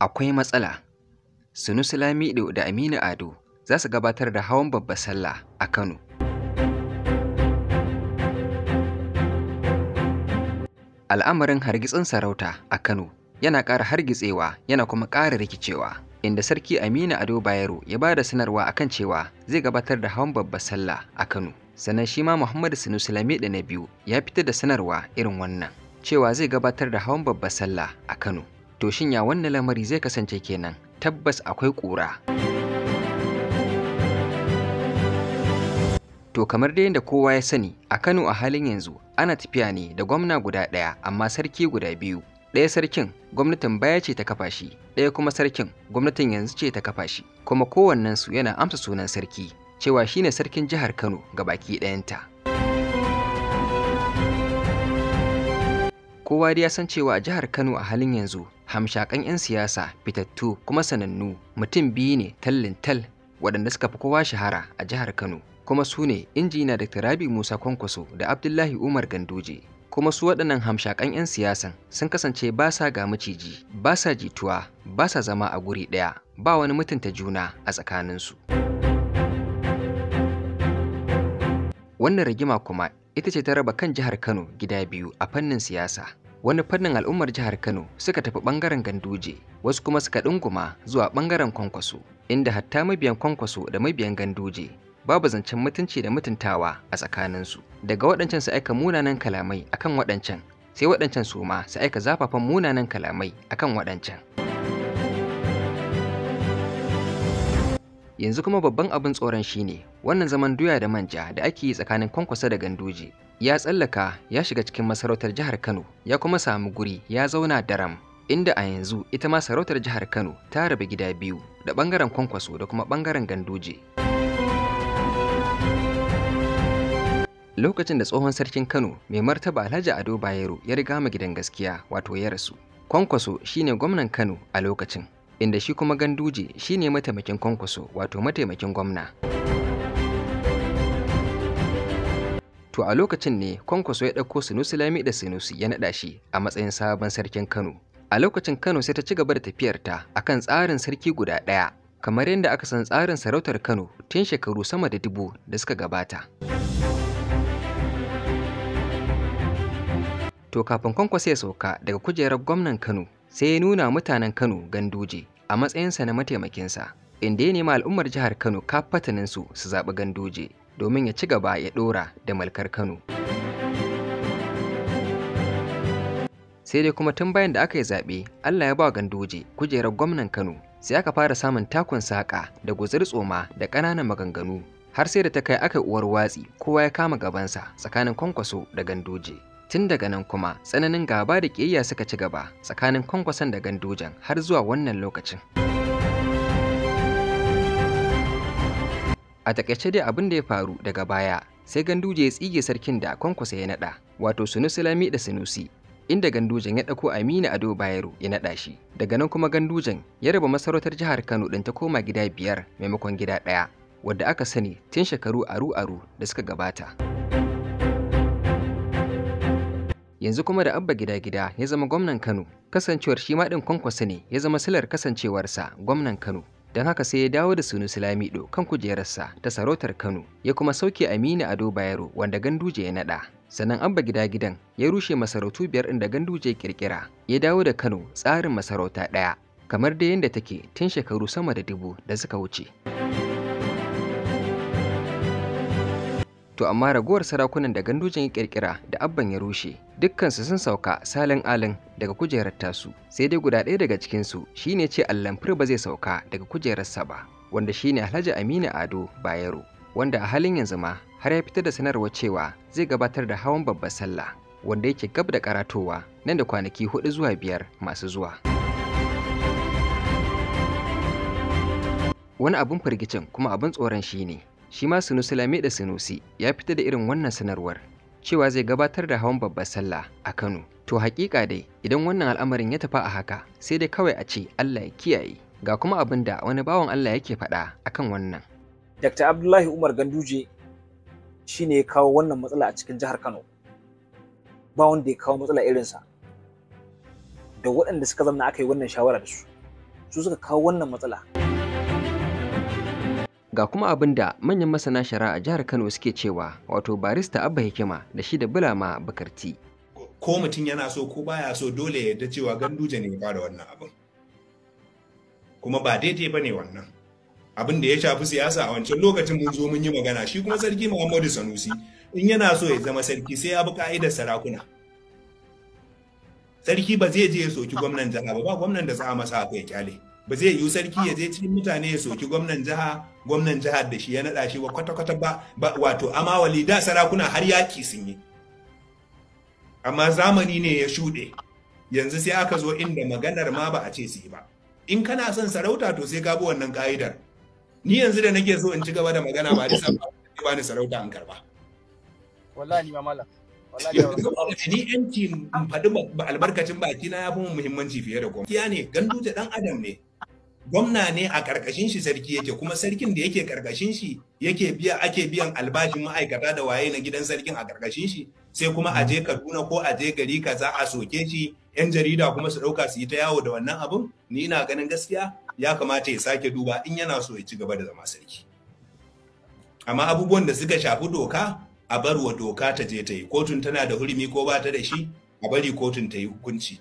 akwai matsala. Sunusi da Aminu Ado za su gabatar da hawan babbar sallah a Kano. Al'amarin hargitsin sarauta a Kano yana ƙara hargitsewa yana kuma ƙara rikicewa. Inda Sarki Aminu Ado Bayero ya ba da sanarwa akan cewa zai gabatar da hawan babbar sallah a Kano. Sannan shi ma Muhammadu Sunusi na biyu ya fitar da sanarwa irin wannan cewa zai gabatar da hawan babbar sallah a Kano. To shin ya wannan lamari zai kasance kenan? Tabbas akwai ƙura. To kamar dai yadda kowa ya sani, a Kano a halin yanzu ana tafiya ne da gwamna guda ɗaya amma sarki guda biyu. Ɗaya sarkin gwamnatin baya ce ta kafa shi, ɗaya kuma sarkin gwamnatin yanzu ce ta kafa shi, kuma su yana amsa sunan sarki, cewa shine sarkin jihar Kano ga baki ɗayanta. Kowa dai ya san cewa a jihar Kano a halin yanzu Hamshaƙan 'yan siyasa fitattu kuma sanannu mutum biyu ne tallin tal waɗanda suka fi kowa shahara a jihar kano kuma su ne injina dr rabi musa kwankwaso da abdullahi umar ganduje kuma su waɗannan hamshakan 'yan siyasan sun kasance ba sa ga maciji ba sa jituwa ba sa zama a guri ɗaya ba wani mutunta juna a tsakaninsu wannan rigima kuma ita ce ta raba kan jihar kano gida biyu a fannin siyasa wani fannin al'ummar jihar Kano suka tafi bangaren Ganduje, wasu kuma suka ɗunguma zuwa bangaren Kwankwaso, inda hatta mabiyan Kwankwaso da mabiyan Ganduje babu zancen mutunci da mutuntawa a tsakaninsu. Daga waɗancan su aika munanan kalamai akan waɗancan, sai waɗancan su ma su aika zafafan munanan kalamai akan waɗancan. yanzu kuma babban abin tsoron shine wannan zaman doya da manja da ake yi tsakanin kwankwasa da ganduje ya tsallaka ya shiga cikin masarautar jihar kano ya kuma samu guri ya zauna daram inda a yanzu ita ma sarautar jihar kano ta rabu gida biyu da bangaren kwankwaso da kuma bangaren ganduje lokacin da tsohon sarkin kano mai martaba alhaji ado bayero ya riga mu gidan gaskiya wato ya rasu kwankwaso shine gwamnan kano a lokacin inda shi kuma ganduje shi ne mataimakin kwankwaso wato mataimakin gwamna to a lokacin ne kwankwaso ya ɗauko sinusi lami da sinusi ya naɗa shi a matsayin sabon sarkin kano a lokacin kano sai ta ci gaba da tafiyarta a kan tsarin sarki guda ɗaya kamar yadda aka san tsarin sarautar kano tun shekaru sama da dubu da suka gabata to kafin Kwankwaso ya sauka daga kujerar gwamnan kano sai ya nuna mutanen Kano Ganduje a matsayinsa na mataimakinsa, inda ya nema al'ummar jihar Kano kafataninsu su zaɓi Ganduje domin ya ci gaba ya ɗora da malkar Kano. Sai dai kuma tun bayan da aka yi zaɓe, Allah ya ba Ganduje kujerar gwamnan Kano sai aka fara samun takun saƙa da guzur tsoma da ƙananan maganganu har sai da ta kai aka uwar watsi kowa ya kama gabansa tsakanin kwankwaso da gandoje. tun daga nan kuma tsananin gaba da ƙiyayya suka ci gaba tsakanin kwankwason da gandojan har zuwa wannan lokacin a takaice dai abin da ya faru daga baya sai ganduje ya tsige sarkin da kwankwasa ya naɗa wato sunusi lami da sunusi inda gandujan ya ɗauko Aminu Ado Bayero ya naɗa shi. Daga nan kuma gandujan ya raba masarautar jihar Kano ɗin ta koma gida biyar maimakon gida ɗaya, wadda aka sani tun shekaru aru-aru da suka gabata. yanzu kuma da abba gida gida ya zama gwamnan kano kasancewar shi ma ɗin kwankwasa ne ya zama silar kasancewarsa gwamnan kano don haka sai ya dawo da sunu silamido kan kujerarsa ta sarautar kano ya kuma sauke amina ado bayero wanda ganduje ya naɗa sannan abba gida gidan ya rushe masarautu biyar da ganduje kirkira ya dawo da kano tsarin masarauta ɗaya kamar da yadda take tun shekaru sama da dubu da suka wuce. to amma ragowar sarakunan da gandujin ya kirkira da abban ya rushe dukkansu sun sauka salin alin daga kujerar tasu sai dai guda ɗaya daga cikinsu shine ce allamfir ba zai sauka daga kujerarsa ba wanda shine alhaji aminu ado bayero wanda a halin yanzu ma har ya fitar da sanarwar cewa zai gabatar da hawan babbar sallah wanda yake gab da karatowa nan da kwanaki huɗu zuwa biyar masu zuwa. Wani abin firgicin kuma abin tsoron shi ne, shi ma Sunusi Lame da Sunusi ya fita da irin wannan sanarwar cewa zai gabatar da hawan babbar sallah a Kano. To hakika dai idan wannan al'amarin ya tafi a haka sai dai kawai a ce Allah ya kiyaye. Ga kuma abin da wani bawan Allah yake faɗa akan wannan. Dr. Abdullahi Umar Ganduje shi ne ya kawo wannan matsala a cikin jihar Kano. Ba wanda ya kawo matsala irinsa. Da waɗanda suka zamna aka yi wannan shawara da su. Su suka kawo wannan matsala. ga kuma abin da manyan masana shari'a a jihar kano suke cewa wato barista abba hikima da shi da bulama bakarti ko mutum yana so ko baya so dole ya yarda cewa ganduje ne ya fara wannan abin kuma ba daidai ba ne wannan abin da ya shafi siyasa a wancan lokacin mun zo mun yi magana shi kuma sarki muhammadu sanusi in yana so ya zama sarki sai ya bi ka'idar sarakuna sarki ba zai je ya soki gwamnan jiha ba ba gwamnan da za a masa akwai ya kyale ba zai yiwu sarki ya ah. je cikin mutane ya soki gwamnan jiha gwamnan jihar da shi ya naɗa shi wa kwata-kwata ba wato amawali da sarakuna har yaƙi sun yi amma zamani ne ya shuɗe yanzu sai aka zo inda maganar ma ba a ce su yi ba in kana son sarauta to sai ka bi wannan ka'idar ni yanzu da nake so in ci gaba da magana ba da ba ni sarauta an karba wallahi ni mamala ni yanci in faɗi albarkacin baki na ya fi muhimmanci fiye da gwamnati ne da ɗan adam ne gwamna ne a karkashin shi sarki yake kuma sarkin da yake karkashin shi yake biya ake biyan albashin ma'aikata da waye na gidan sarkin a karkashin shi sai kuma a je Kaduna ko aje je gari kaza a soke shi yan jarida kuma su dauka su yi ta yawo da wannan abun ni ina ganin gaskiya ya kamata ya sake duba in yana so ya ci gaba da zama sarki amma abubuwan da suka shafi doka a barwa doka ta je ta yi kotun tana da hurumi ko ba ta da shi a bari kotun ta yi hukunci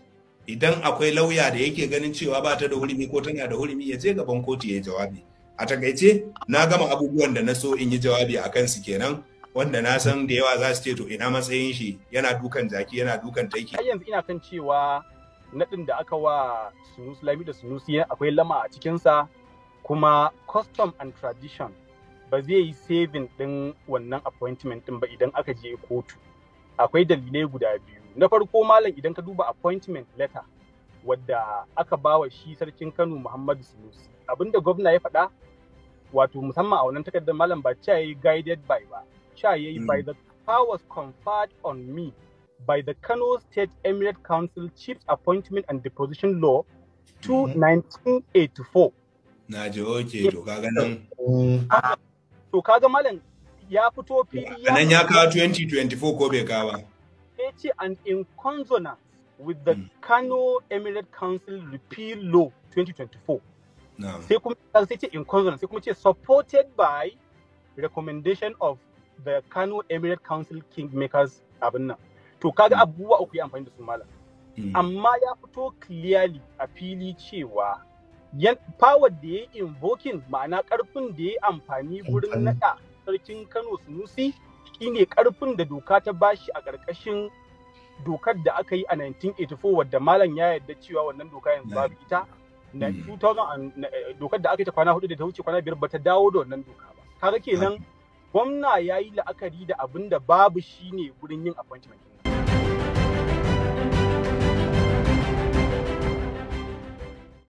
idan akwai lauya da yake ganin cewa ba ta da hurumi ko tana da hurumi ya je gaban kotu ya yi jawabi a takaice na gama abubuwan da na so in yi jawabi a kansu kenan wanda na san da yawa za su ce to ina matsayin shi yana dukan zaki yana dukan taiki yanzu ina kan cewa naɗin da aka wa sunusi lami da sunusi akwai lama a cikin sa kuma custom and tradition ba zai yi saving ɗin wannan appointment din ba idan aka je kotu akwai dalilai guda biyu na farko malam idan ka duba appointment letter wadda aka bawa shi sarkin Kano Muhammadu Sunusi abinda gwamna ya faɗa wato musamman a wannan takardar malam ba cha yayi guided by ba cha yayi mm. by the powers conferred on me by the Kano State Emirate Council Chief's Appointment and Deposition Law to 1984 mm-hmm. na ji oke to kaga nan ah, to kaga malam ya fito fili ya nan ya kawo 2024 ko bai kawo Feci and in consonance with the mm. Kano Emirate Council Repeal Law 2024. Sai kuma in consonance sai kuma ce supported by recommendation of the Kano Emirate Council Kingmakers Abinna. To kaga hmm. abubuwa uku yi amfani da su malam. Hmm. Amma ya fito clearly a fili cewa yan power da ya invoking ma'ana karfin da ya amfani wurin naɗa sarkin Kano Sunusi ne karfin da doka ta bashi a ƙarƙashin dokar da aka yi a 1984 wadda malam ya yarda cewa wannan doka yanzu babu ita na 2000 hmm. eh, dokar da aka yi ta kwana hudu da ta wuce kwana biyar bata dawo da wannan doka ba kaga kenan hmm. gwamna ya yi la'akari da abin da babu shine gurin yin appointment